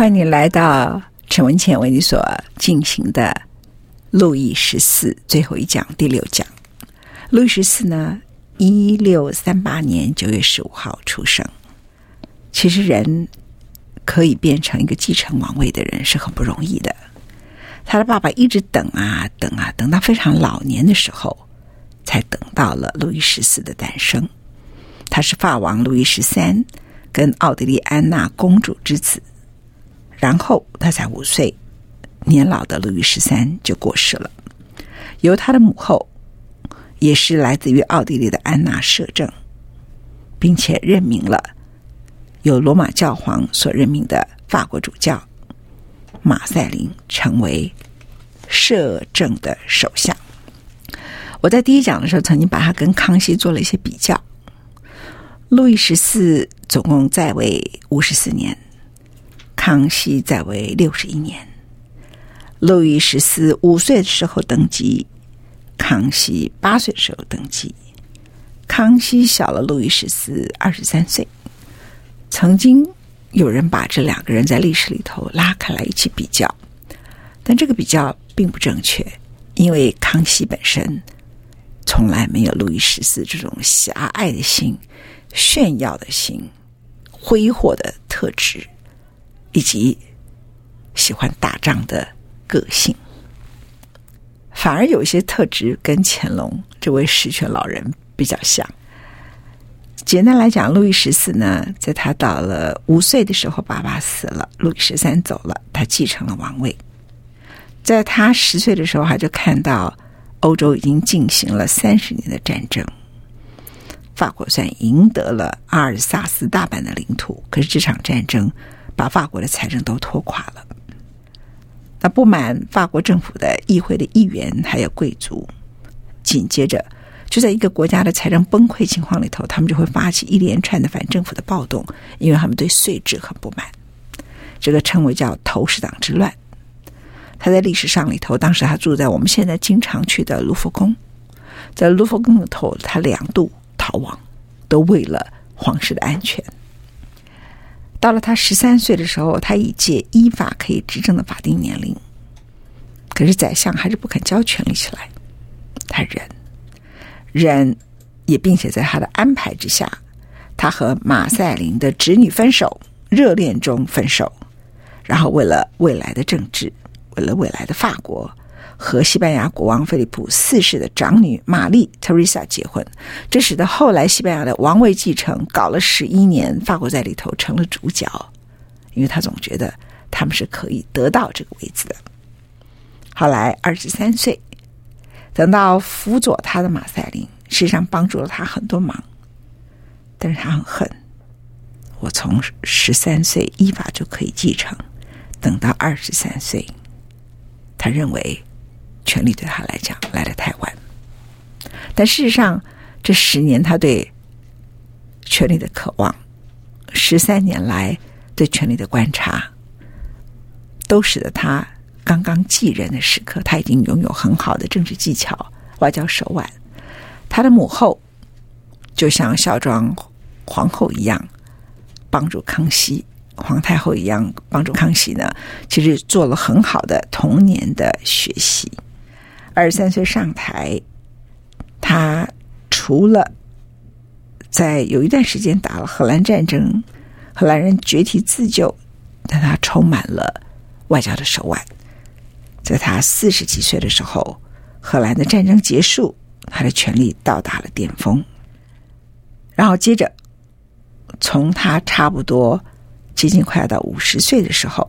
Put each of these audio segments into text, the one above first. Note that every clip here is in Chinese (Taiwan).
歡迎你來到陳文茜為你所進行的《路易十四》最後一講第六講。路易十四呢，一六三八年九月十五號出生。其實，人可以變成一個繼承王位的人是很不容易的。他的爸爸一直等啊等啊，等到非常老年的時候，才等到了路易十四的誕生。他是法王路易十三跟奧地利安娜公主之子。然後他才五歲，年老的路易十三就過世了。由他的母後，也是來自於奧地利的安娜攝政，並且任命了由羅馬教皇所任命的法國主教馬賽林成為攝政的首相。我在第一講的時候曾經把他跟康熙做了一些比較。路易十四總共在位五十四年。康熙在位六十一年，路易十四五歲的時候登基，康熙八歲的時候登基，康熙小了路易十四二十三歲。曾經有人把這兩個人在歷史裡頭拉開來一起比較，但這個比較並不正確，因為康熙本身從來沒有路易十四這種狹隘的心、炫耀的心、揮霍的特質。以及喜歡打仗的個性，反而有一些特質跟乾隆這位十全老人比較像。簡單來講，路易十四呢，在他到了五歲的時候，爸爸死了，路易十三走了，他繼承了王位。在他十歲的時候，他就看到歐洲已經進行了三十年的戰爭，法國算贏得了阿爾薩斯大半的領土，可是這場戰爭。把法國的財政都拖垮了。那不滿法國政府的議會的議員還有貴族，緊接着就在一個國家的財政崩潰情況裡頭，他們就會發起一連串的反政府的暴動，因為他們對稅制很不滿。這個稱為叫投石黨之亂。他在歷史上裡頭，當時還住在我們現在經常去的盧浮宮，在盧浮宮裡頭，他兩度逃亡，都為了皇室的安全。到了他十三歲的時候，他已屆依法可以執政的法定年齡，可是宰相還是不肯交權力起來，他忍，忍也，並且在他的安排之下，他和馬賽林的侄女分手，熱戀中分手，然後為了未來的政治，為了未來的法國。和西班牙國王菲利普四世的長女瑪麗·特瑞莎結婚，這使得後來西班牙的王位繼承搞了十一年，法國在裡頭成了主角，因為他總覺得他們是可以得到這個位置的。後來二十三歲，等到輔佐他的馬塞林實際上幫助了他很多忙，但是他很恨，我從十三歲依法就可以繼承，等到二十三歲，他認為。權力對他來講來得太晚，但事實上，這十年他對權力的渴望，十三年來對權力的觀察，都使得他剛剛繼任的時刻，他已經擁有很好的政治技巧、外交手腕。他的母後就像孝莊皇後一樣幫助康熙，皇太后一樣幫助康熙呢，其實做了很好的童年的學習。二十三歲上台，他除了在有一段時間打了荷蘭戰爭，荷蘭人決堤自救，但他充滿了外交的手腕。在他四十幾歲的時候，荷蘭的戰爭結束，他的權力到達了巔峰。然後接着，從他差不多接近快要到五十歲的時候。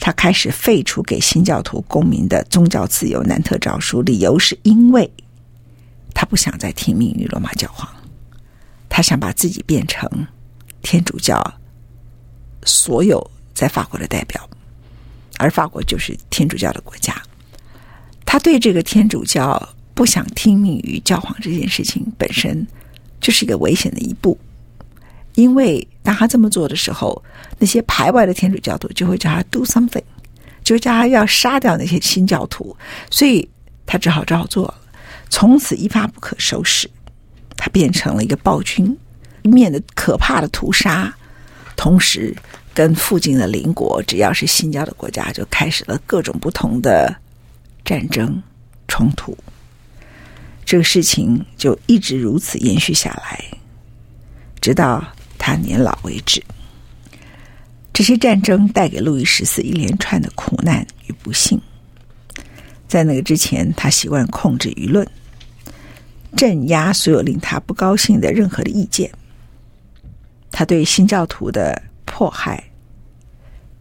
他開始廢除給新教徒公民的宗教自由《南特詔書》，理由是因為他不想再聽命於羅馬教皇，他想把自己變成天主教所有在法國的代表，而法國就是天主教的國家。他對這個天主教不想聽命於教皇這件事情本身，就是一個危險的一步。因為當他這麼做的時候，那些排外的天主教徒就會叫他 do something，就叫他要殺掉那些新教徒，所以他只好照做了。從此一發不可收拾，他變成了一個暴君，一面的可怕的屠殺，同時跟附近的鄰國，只要是新教的國家，就開始了各種不同的戰爭衝突。這個事情就一直如此延續下來，直到他年老為止。這些戰爭帶給路易十四一連串的苦難與不幸。在那個之前，他習慣控制輿論，鎮壓所有令他不高興的任何的意見。他對新教徒的迫害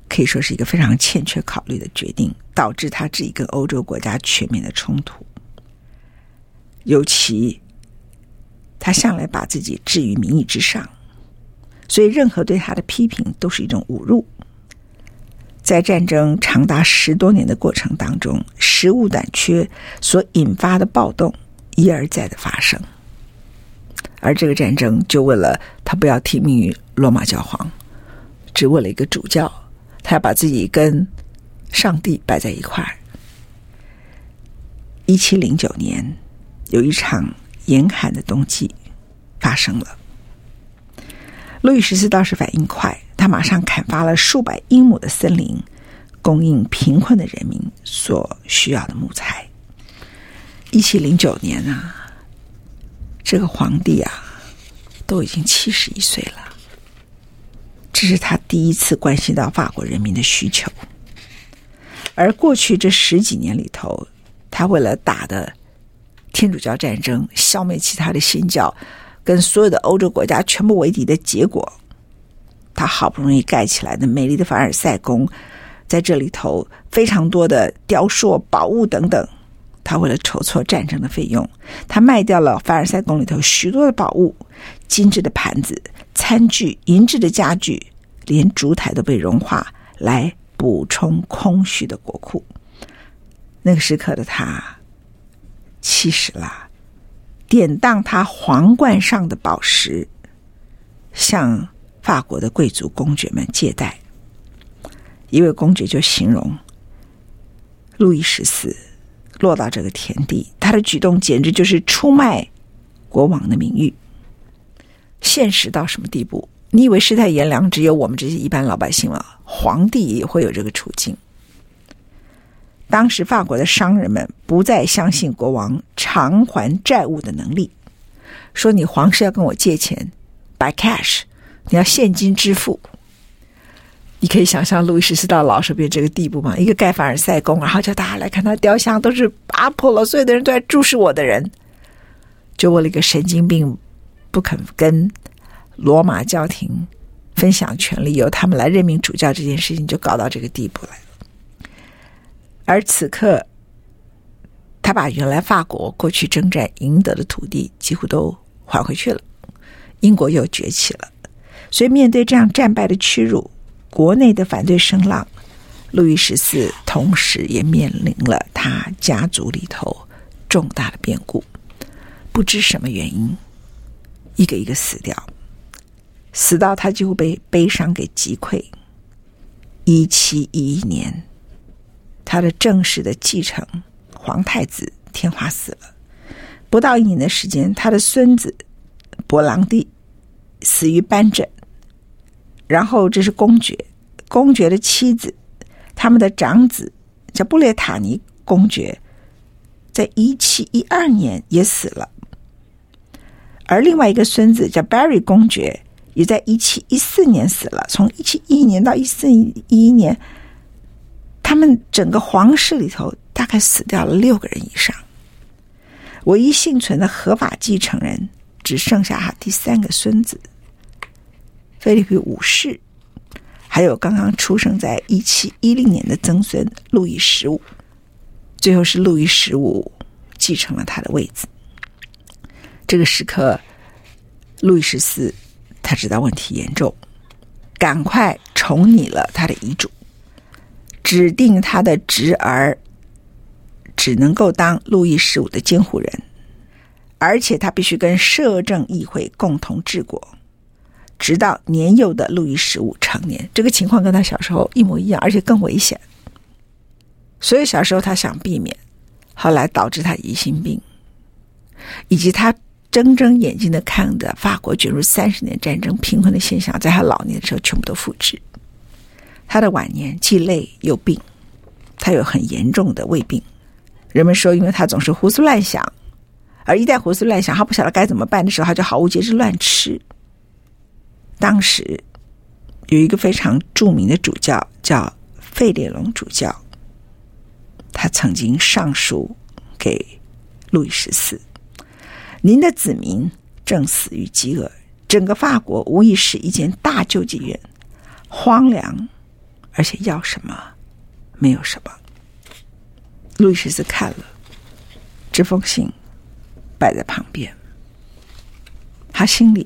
可以說是一個非常欠缺考慮的決定，導致他自己跟歐洲國家全面的衝突。尤其他向來把自己置於民意之上。所以，任何對他的批評都是一種侮辱。在戰爭長達十多年的過程當中，食物短缺所引發的暴動一而再的發生，而這個戰爭就為了他不要聽命於羅馬教皇，只為了一個主教，他要把自己跟上帝擺在一塊兒。一七零九年，有一場嚴寒的冬季發生了。路易十四倒是反應快，他馬上砍伐了數百英畝的森林，供應貧困的人民所需要的木材。一七零九年啊，這個皇帝啊，都已經七十一歲了，這是他第一次關心到法國人民的需求，而過去這十幾年裡頭，他為了打的天主教戰爭，消滅其他的新教。跟所有的歐洲國家全部為敵的結果，他好不容易蓋起來的美麗的凡爾賽宮，在這裡頭非常多的雕塑、寶物等等，他為了籌措戰爭的費用，他賣掉了凡爾賽宮裡頭許多的寶物、金製的盤子、餐具、銀製的家具，連燭台都被融化來補充空虛的國庫。那個時刻的他七十了，典當他皇冠上的寶石，向法國的貴族公爵們借貸。一位公爵就形容路易十四落到這個田地，他的舉動簡直就是出賣國王的名譽。現實到什麼地步？你以為世態炎涼只有我們這些一般老百姓嗎？皇帝也會有這個處境。當時法國的商人們不再相信國王償還債務的能力，說：“你皇室要跟我借錢，by cash，你要現金支付。”你可以想象路易十四到老身邊這個地步嗎？一個蓋凡爾賽宮，然後叫大家來看他雕像，都是阿波羅，所有的人都在注視我的人，就為了一個神經病不肯跟羅馬教廷分享權力，由他們來任命主教，這件事情就搞到這個地步了。而此刻，他把原來法國過去征戰贏得的土地幾乎都還回去了。英國又崛起了，所以面對這樣戰敗的屈辱，國內的反對聲浪，路易十四同時也面臨了他家族裡頭重大的變故。不知什麼原因，一個一個死掉，死到他幾乎被悲傷給擊潰。一七一一年。他的正式的繼承，皇太子天花死了，不到一年的時間，他的孫子勃朗帝死於斑疹。然後，這是公爵，公爵的妻子，他們的長子叫布列塔尼公爵，在一七一二年也死了。而另外一個孫子叫 Barry 公爵，也在一七一四年死了。從一七一一年到一四一一年。他們整個皇室裡頭，大概死掉了六個人以上。唯一幸存的合法繼承人只剩下他第三個孫子，菲利普五世，還有剛剛出生在一七一零年的曾孫路易十五。最後是路易十五繼承了他的位子。這個時刻，路易十四他知道問題嚴重，趕快重擬了他的遺囑。指定他的侄兒只能夠當路易十五的監護人，而且他必須跟攝政議會共同治國，直到年幼的路易十五成年。這個情況跟他小時候一模一樣，而且更危險。所以小時候他想避免，後來導致他疑心病，以及他睜睜眼睛的看著法國捲入三十年戰爭、貧困的現象，在他老年的時候全部都複製。他的晚年既累又病，他有很嚴重的胃病。人們說，因為他總是胡思亂想，而一旦胡思亂想，他不曉得該怎麼辦的時候，他就毫無節制亂吃。當時有一個非常著名的主教叫費列隆主教，他曾經上書給路易十四：“您的子民正死於飢餓，整個法國無疑是一間大救濟院，荒涼。”而且要什麼，沒有什麼。路易十四看了這封信，擺在旁邊，他心裡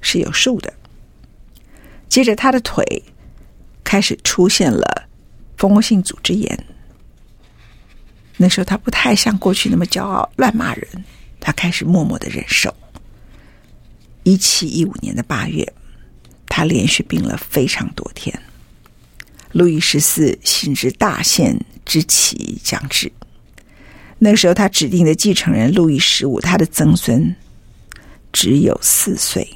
是有數的。接着，他的腿開始出現了蜂窩性組織炎。那時候，他不太像過去那麼驕傲，亂罵人。他開始默默的忍受。一七一五年的八月，他連續病了非常多天。路易十四心知大限之期將至，那個時候他指定的繼承人路易十五，他的曾孫只有四歲，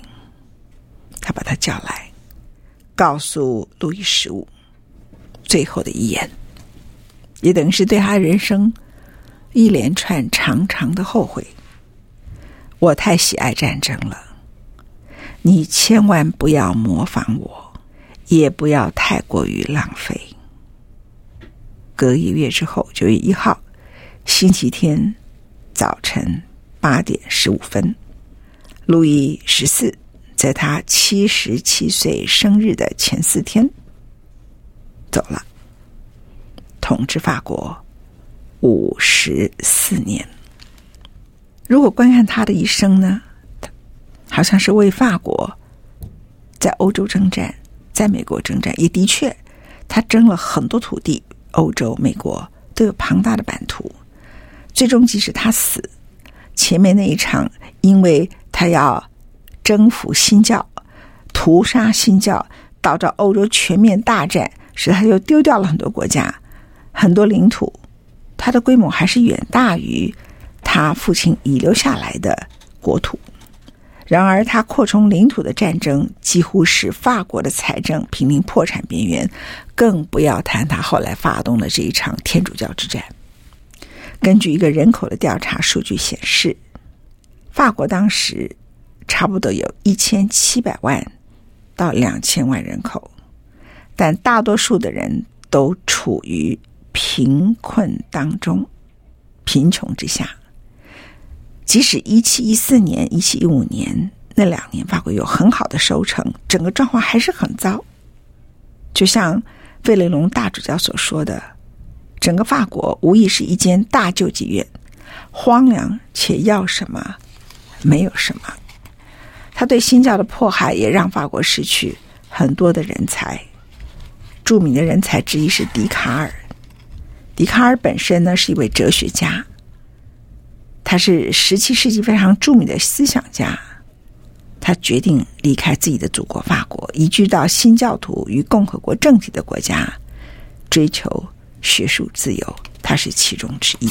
他把他叫來，告訴路易十五最後的遺言，也等於是對他人生一連串長長的後悔。我太喜愛戰爭了，你千萬不要模仿我。也不要太過於浪費。隔一個月之後，九月一號，星期天早晨八點十五分，路易十四在他七十七歲生日的前四天走了。統治法國五十四年，如果觀看他的一生呢，他好像是為法國在歐洲征戰。在美國征戰也的確，他征了很多土地，歐洲、美國都有龐大的版圖。最終，即使他死，前面那一場，因為他要征服新教、屠殺新教，導致歐洲全面大戰，使他又丟掉了很多國家、很多領土。他的規模還是遠大於他父親遺留下來的國土。然而，他擴充領土的戰爭幾乎使法國的財政瀕臨破產邊緣，更不要談他後來發動的這一場天主教之戰。根據一個人口的調查數據顯示，法國當時差不多有一千七百萬到兩千萬人口，但大多數的人都處於貧困當中，貧窮之下。即使一七一四年、一七一五年那兩年，法國有很好的收成，整個狀況還是很糟。就像費雷龍大主教所說的，整個法國無疑是一間大救濟院，荒涼且要什麼沒有什麼。他對新教的迫害也讓法國失去很多的人才，著名的人才之一是笛卡爾。笛卡爾本身呢，是一位哲學家。他是十七世紀非常著名的思想家，他決定離開自己的祖國法國，移居到新教徒與共和國政體的國家，追求學術自由。他是其中之一。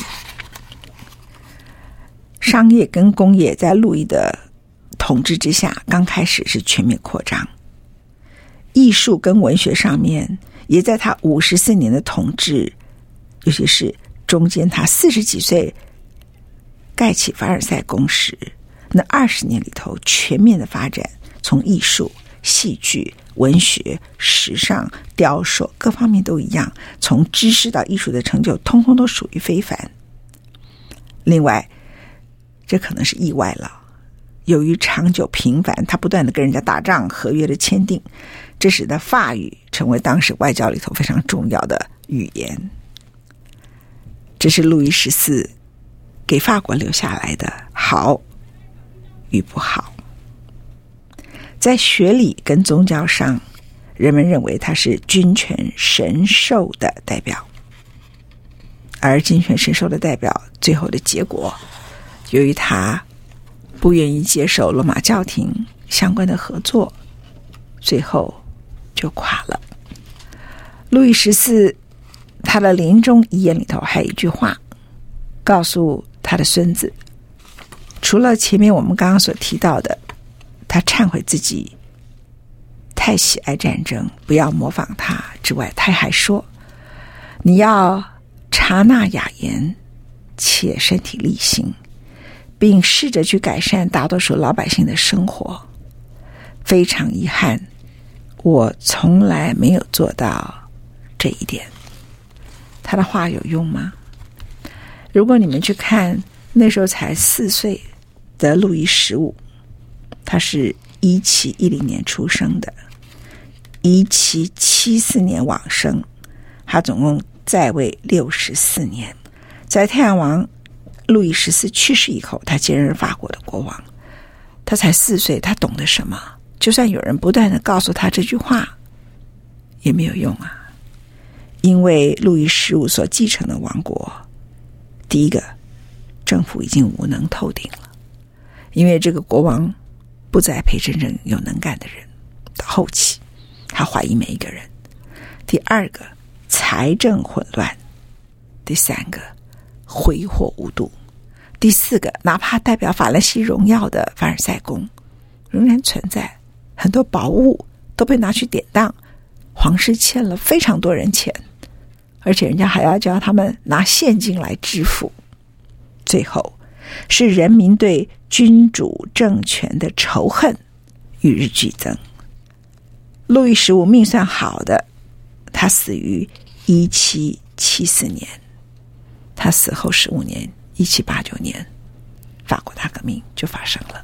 商業跟工業在路易的統治之下剛開始是全面擴張，藝術跟文學上面也在他五十四年的統治，尤其是中間他四十幾歲。蓋起凡爾賽宮時，那二十年裡頭全面的發展，從藝術、戲劇、文學、時尚、雕塑各方面都一樣，從知識到藝術的成就，通通都屬於非凡。另外，這可能是意外了。由於長久頻繁，他不斷的跟人家打仗，合約的簽訂，這使得法語成為當時外交裡頭非常重要的語言。這是路易十四。給法國留下來的，好與不好，在學理跟宗教上，人們認為他是君權神授的代表，而君權神授的代表最後的結果，由於他不願意接受羅馬教廷相關的合作，最後就垮了。路易十四他的臨終遺言裡頭還有一句話，告訴。他的孫子，除了前面我們剛剛所提到的，他懺悔自己太喜愛戰爭，不要模仿他之外，他還說：“你要察納雅言，且身體力行，並試着去改善大多數老百姓的生活。”非常遺憾，我從來沒有做到這一點。他的話有用嗎？如果你們去看那時候才四歲的路易十五，他是一七一零年出生的，一七七四年往生，他總共在位六十四年。在太陽王路易十四去世以後，他接任法國的國王。他才四歲，他懂得什麼？就算有人不斷地告訴他這句話，也沒有用啊，因為路易十五所繼承的王國。第一個，政府已經無能透頂了，因為這個國王不再配真正有能幹的人。到後期，他懷疑每一個人。第二個，財政混亂；第三個，揮霍無度；第四個，哪怕代表法蘭西榮耀的凡爾賽宮仍然存在，很多寶物都被拿去典當，皇室欠了非常多人錢。而且人家還要叫他們拿現金來支付。最後，是人民對君主政權的仇恨與日俱增。路易十五命算好的，他死於一七七四年。他死後十五年，一七八九年，法國大革命就發生了。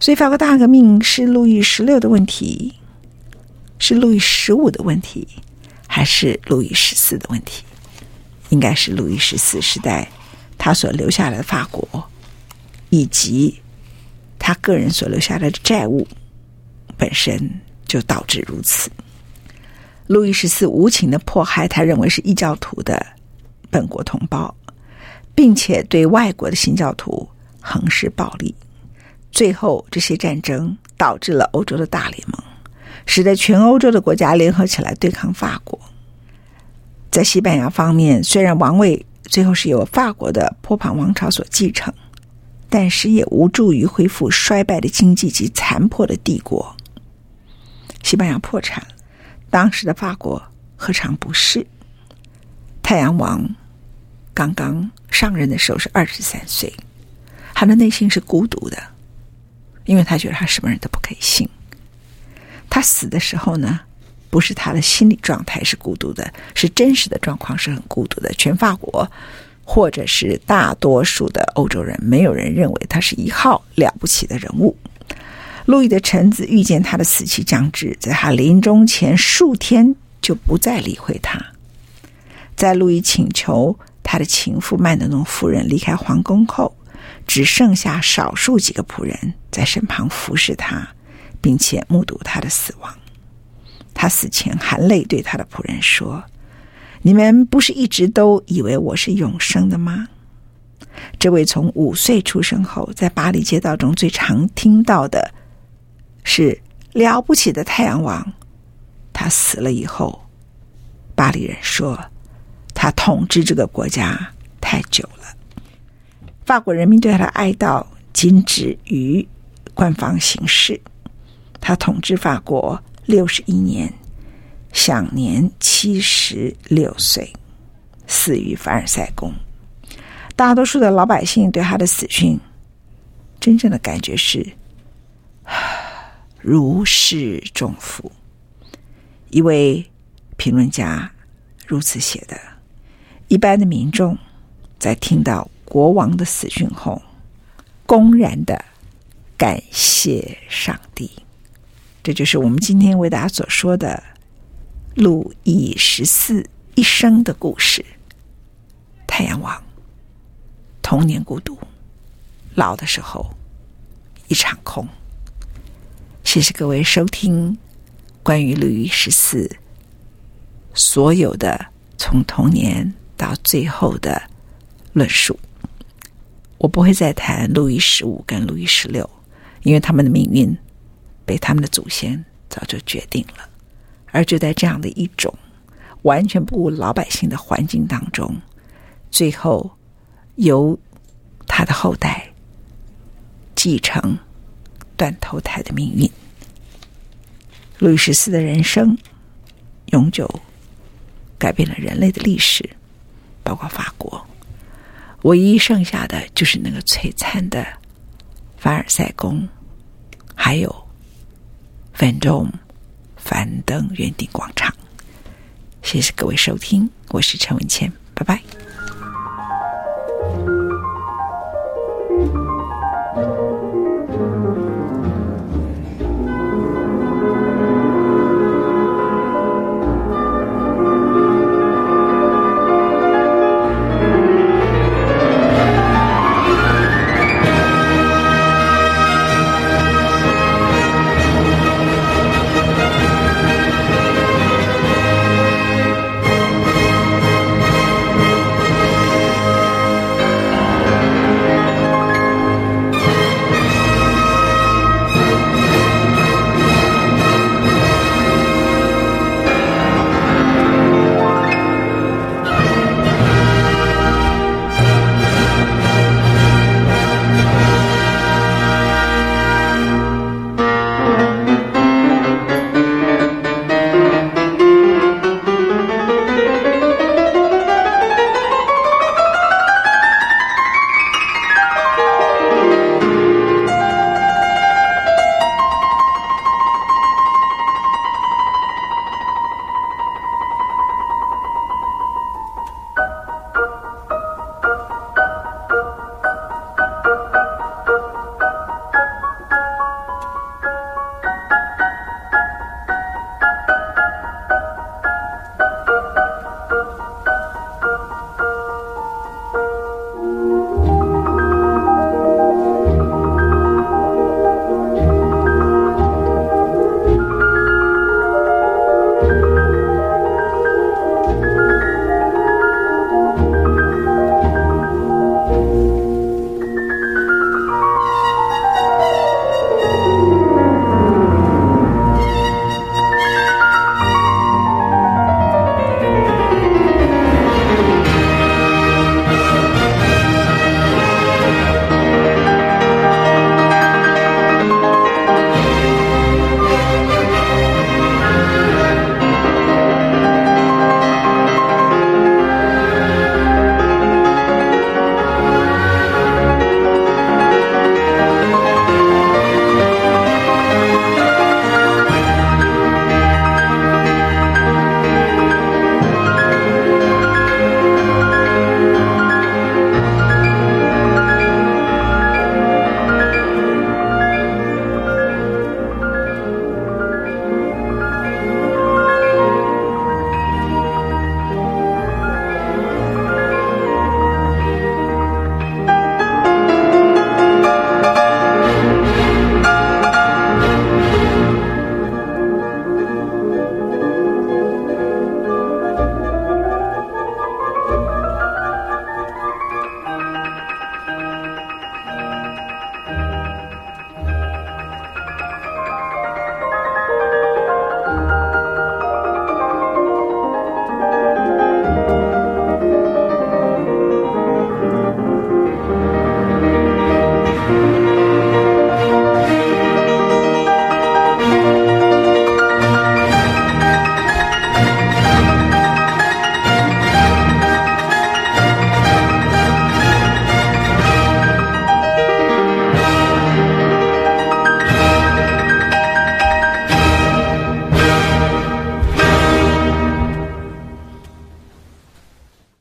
所以，法國大革命是路易十六的問題，是路易十五的問題，還是路易十四的問題？應該是路易十四時代他所留下來的法國，以及他個人所留下來的債務，本身就導致如此。路易十四無情的迫害他認為是異教徒的本國同胞，並且對外國的新教徒橫施暴力，最後這些戰爭導致了歐洲的大聯盟。使得全歐洲的國家聯合起來對抗法國。在西班牙方面，雖然王位最後是由法國的波旁王朝所繼承，但是也無助於恢復衰敗的經濟及殘破的帝國。西班牙破產，當時的法國何嘗不是？太陽王剛剛上任的時候是二十三歲，他的內心是孤獨的，因為他覺得他什麼人都不可以信。他死的時候呢，不是他的心理狀態是孤獨的，是真實的狀況是很孤獨的。全法國，或者是大多數的歐洲人，沒有人認為他是一號了不起的人物。路易的臣子預見他的死期將至，在他臨終前數天就不再理會他。在路易請求他的情婦曼德農夫人離開皇宮後，只剩下少數幾個僕人在身旁服侍他。並且目睹他的死亡。他死前含淚對他的僕人說：“你們不是一直都以為我是永生的嗎？”這位從五歲出生後，在巴黎街道中最常聽到的是“了不起的太陽王”。他死了以後，巴黎人說：“他統治這個國家太久了。”法國人民對他的哀悼僅止於官方形式。他統治法國六十一年，享年七十六歲，死於凡爾賽宮。大多數的老百姓對他的死訊，真正的感覺是如釋重負。一位評論家如此寫的：“一般的民眾在聽到國王的死訊後，公然的感謝上帝。”這就是我們今天為大家所說的路易十四一生的故事。太陽王，童年孤獨，老的時候一場空。謝謝各位收聽關於路易十四所有的從童年到最後的論述。我不會再談路易十五跟路易十六，因為他們的命運。被他們的祖先早就決定了，而就在這樣的一種完全不顧老百姓的環境當中，最後由他的後代繼承斷頭台的命運。路易十四的人生永久改變了人類的歷史，包括法國，唯一剩下的就是那個璀璨的凡爾賽宮，還有。凡中、凡登圓頂廣場。謝謝各位收聽，我是陳文茜，拜拜。